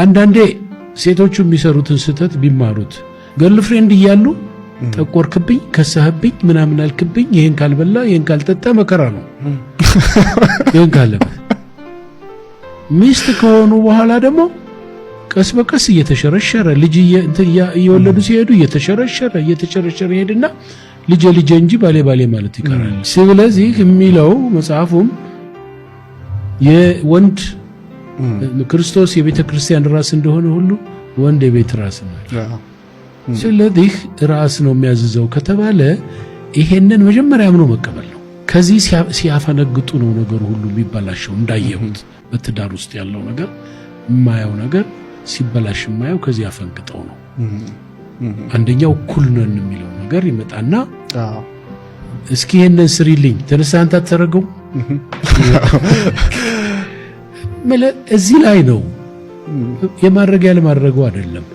አንዳንዴ ሴቶቹ የሚሰሩትን ስህተት ቢማሩት ገርል ፍሬንድ እያሉ ጠቆርክብኝ፣ ከሰህብኝ፣ ምናምን አልክብኝ፣ ይህን ካልበላ ይህን ካልጠጣ መከራ ነው፣ ይህን ካለበ ሚስት ከሆኑ በኋላ ደግሞ ቀስ በቀስ እየተሸረሸረ ልጅ እየወለዱ ሲሄዱ እየተሸረሸረ እየተሸረሸረ ይሄድና ልጄ ልጄ እንጂ ባሌ ባሌ ማለት ይቀራል። ስለዚህ የሚለው መጽሐፉም የወንድ ክርስቶስ የቤተ ክርስቲያን ራስ እንደሆነ ሁሉ ወንድ የቤት ራስ ነው። ስለዚህ ራስ ነው የሚያዝዘው ከተባለ ይሄንን መጀመሪያ አምኖ መቀበል ነው። ከዚህ ሲያፈነግጡ ነው ነገር ሁሉ የሚበላሸው። እንዳየሁት በትዳር ውስጥ ያለው ነገር የማየው ነገር ሲበላሽ የማየው ከዚህ አፈንግጠው ነው። አንደኛው እኩል ነን የሚለው ነገር ይመጣና እስኪ ይህንን ስሪልኝ ተነሳ አንተ እዚህ ላይ ነው የማድረግ ያለማድረጉ አይደለም።